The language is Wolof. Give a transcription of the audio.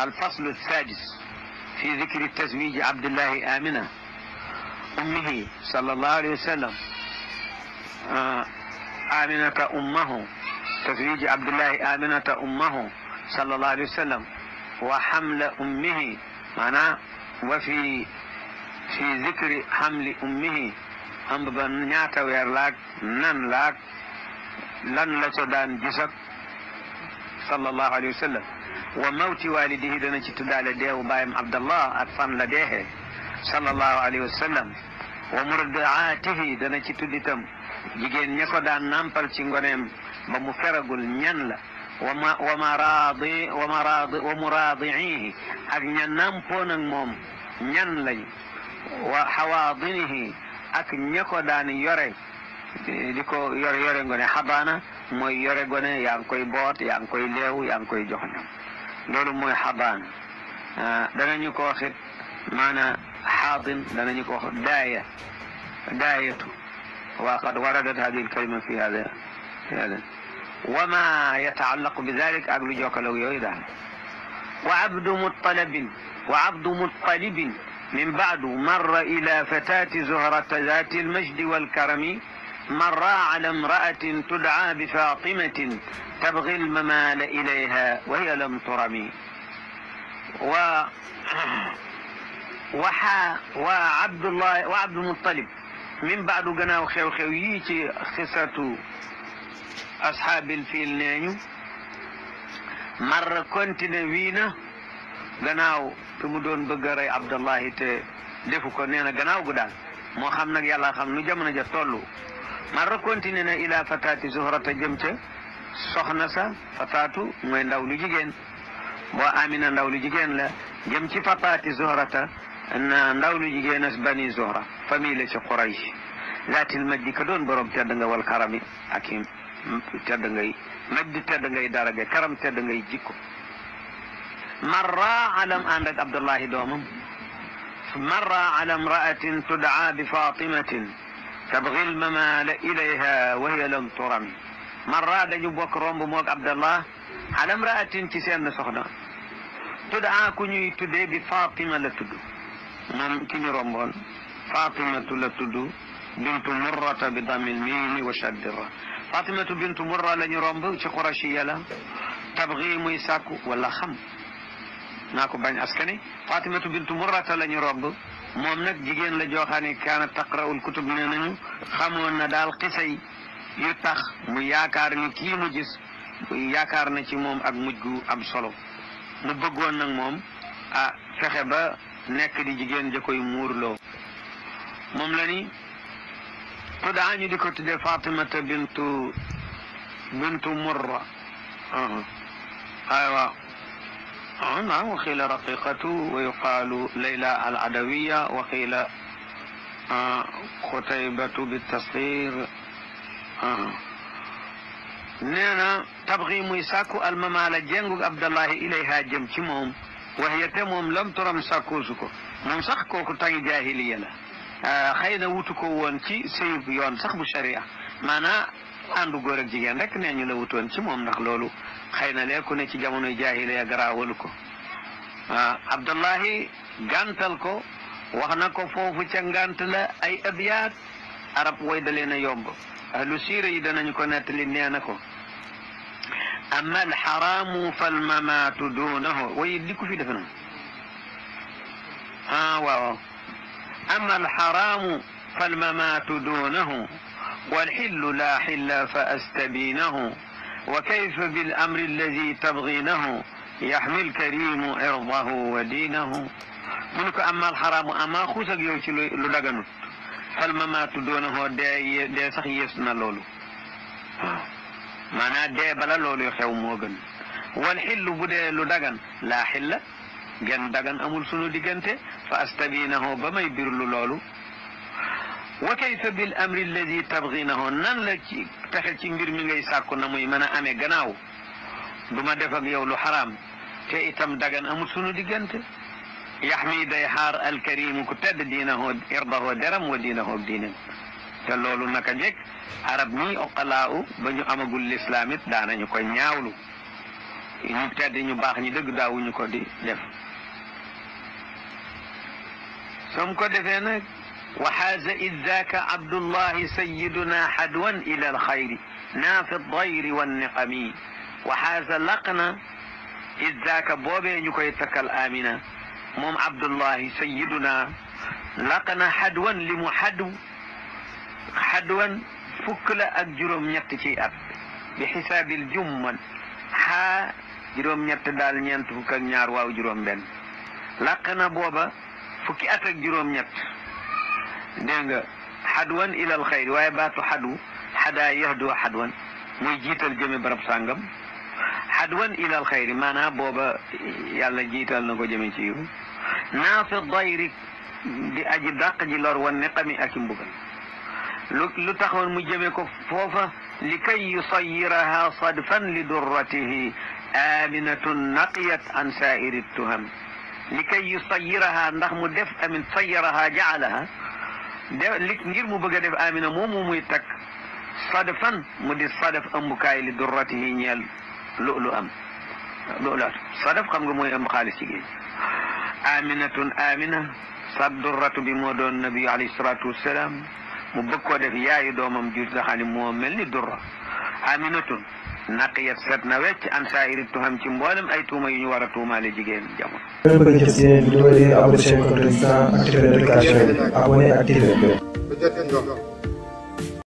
الفصل السادس في ذكر تزويج عبد الله آمنة أمه صلى الله عليه وسلم آمنة أمه تزويج عبد الله آمنة أمه صلى الله عليه وسلم وحمل أمه معناه وفي في ذكر حمل أمه am ba ñaata weer laag nan laag lan la ca daan gis ak sallallahu alayhi wa sallam wa mawti walidihi dana ci tuddaale deewu baayam abdallah ak fan la deexee sallallahu alayhi wa sallam wa murdaatihi dana ci tudditam jigéen ña ko daan nampal ci ngoneem ba mu feragul ñan la wama wama raadi wama raadi wa muraadiihi ak ña nampoon ak moom ñan lañ wa xawaadinihi ak ña ko daan yore di ko yore yore ngone xabaana mooy yore gone yaa ngi koy boot yaa ngi koy leew yaa ngi koy jox ñam loolu mooy xabaan ah, danañu ko waxit maana xaatin danañu ko wax daaya daayatu wa qad waradat hadihi alkalima fi hada fi hada wa ma yataallaqu bi dalik ak lu jokkaloog yooyu daal wa abdu muttalibin wa abdu muttalibin min baadu marra ila fatati zuhrata zati almajdi walkarami مرا على امرأة تدعى بفاطمة تبغي الممال إليها وهي لم ترمي و وحا وعبد الله وعبد المطلب من بعد غناو خيو خيو يي خساتو أصحاب الفيل نينو مرة كونتيني وينا gannaaw fi mu doon bëgg a rey Abdallahi te defu ko nee na gannaaw gu daal moo xam nag yàlla xam nu jamono ja toll marra continué na ila fataati zuhrata jëm ca soxna sa fataatu mooy ndaw lu jigéen boo amina ndaw lu jigéen la jëm ci fataati zuhrata na ndaw lu jigéen as bani zuhra famille la ci quraysh zaatil majdi ka doon borom tedd nga wal karami ak i tedd ngay majdi tedd ngay daraja karam tedd ngay jikko marra alam ànd ak abdullahi doomam marra ala imraatin tudaa bi fatimatin tabgi lmamaala ilayha wa hiya lam turam marra dañu bokk romb moog abdallah ala mraatin ci seen soxna tuddaa ku ñuy tuddee bi fatima la tudd moom ki ñu romboon fatimatu la tudd bintu murrata bi damil miini wa shaddira fatimatu bintu murra la ñu romb ci qurashiya la tabgi muy sàkku wala xam naa ko bañ askani fatimatu bintu murrata la ñu romb moom nag jigéen la jooxaane kaana taqraul kutub ne nañu xamoon na daal xisay yu tax mu yaakaar ni kii mu gis yaakaar na ci moom ak mujj gu am solo mu bëggoon nag moom ah fexe ba nekk di jigéen ja koy muurloo moom la ni tuddaa ñu di ko tuddee Fatimata bintu bintu Murra aywa نعم وقيل رقيقة ويقال ليلى العدوية وقيل قتيبة بالتصغير nee na tabxi muy sàkku almamaala jengug abdallahi ilayha jëm ci moom waxye te moom lam turam sàkkoosu ko moom sax kooku tangi jaahiliya la uh, xëy na wutu ko woon ci sëyub yoon sax bu sharia maanaa àndu góor ak jigéen rek nee ñu la wutoon ci moom ndax loolu xëy na lee ku ne ci jamono jaahiliya garaawal ko ah, abdullahi gàntal ko wax na ko foofu ca la ay abiyaat arab way da leen ahlu siira yi danañ ko nettali nee na ko amma alxaraamu falmamaatu duunahu waye di ko fi defe وكيف بالأمر الذي تبغينه يحمي الكريم عرضه ودينه mu ne ko amal xaraamu ama xuus ak yow ci lu daganut xel ma maa tuddoona xoo dee dee sax yées na loolu waaw maanaa dee bala loolu xew moo gën wal xillu bu dee lu dagan laa xilla genn dagan amul sunu diggante fa astabinahu ba may birlu loolu wa kayfa bil amri na tabginahu nan la ci taxe ci mbir mi ngay sàkku na muy mën a amee gannaaw du ma def ak yow lu xaram te itam dagan amul sunu diggante yaxmi day xaar alkarimu ku tedd diinahoo irdahoo deram wa diinahoo diinam te loolu naka njëkk arab ñii oqalaa ba ñu amagul lislaam it daanañu ko ñaawlu ñu tedd ñu baax ñi dëgg daawuñu ko di def وحاز إذ ذاك عبد الله سيدنا حدوا إلى الخير نافي الضير والنقم وحاز لقنا إذ ذاك بوبي نكوي تكال آمنا موم عبد الله سيدنا لقنا حدوا لمحدو حدوا فكل أجرم يتكي أب بحساب الجمل haa juróom ñett daal ñeent fukk ak ñaar waaw juróom benn làq na booba fukki at ak juróom ñett dégg nga xadwan ilal xayri waaye baatu xadu xadaa yaxdu xadwan muy jiital jëme barab sàngam xadwan ilal xayri maanaam booba yàlla jiital na ko jëme ci yiw naafi dayri di aji dàq ji lor wan ne xami ak i mbugal lu lu taxoon mu jëme ko foofa li kay yusayiraha sadfan li durratihi aminatun naqiyat an saa'iri tuham li kay yusayiraha ndax mu def amin sayiraha jaalaha de li ngir mu bëgg a def amina moomu muy takk sadafan mu di sadaf ëmbukaay li durrati yi ñeel loolu am loolaat sadaf xam nga mooy ëmb xaalis ci géej aminatun amina sa durratu bi moo doon nabi alayhi salaatu wassalaam mu bëgg koo def yaayu doomam ju nga xam ne moo mel ni durra aminatun naqiyat set na wecc an saa'iri tuham ci mboolem ay tuuma yu ñu war a tuumaale jigéen jamono. ngeen bëgg a gis yeneen vidéo yi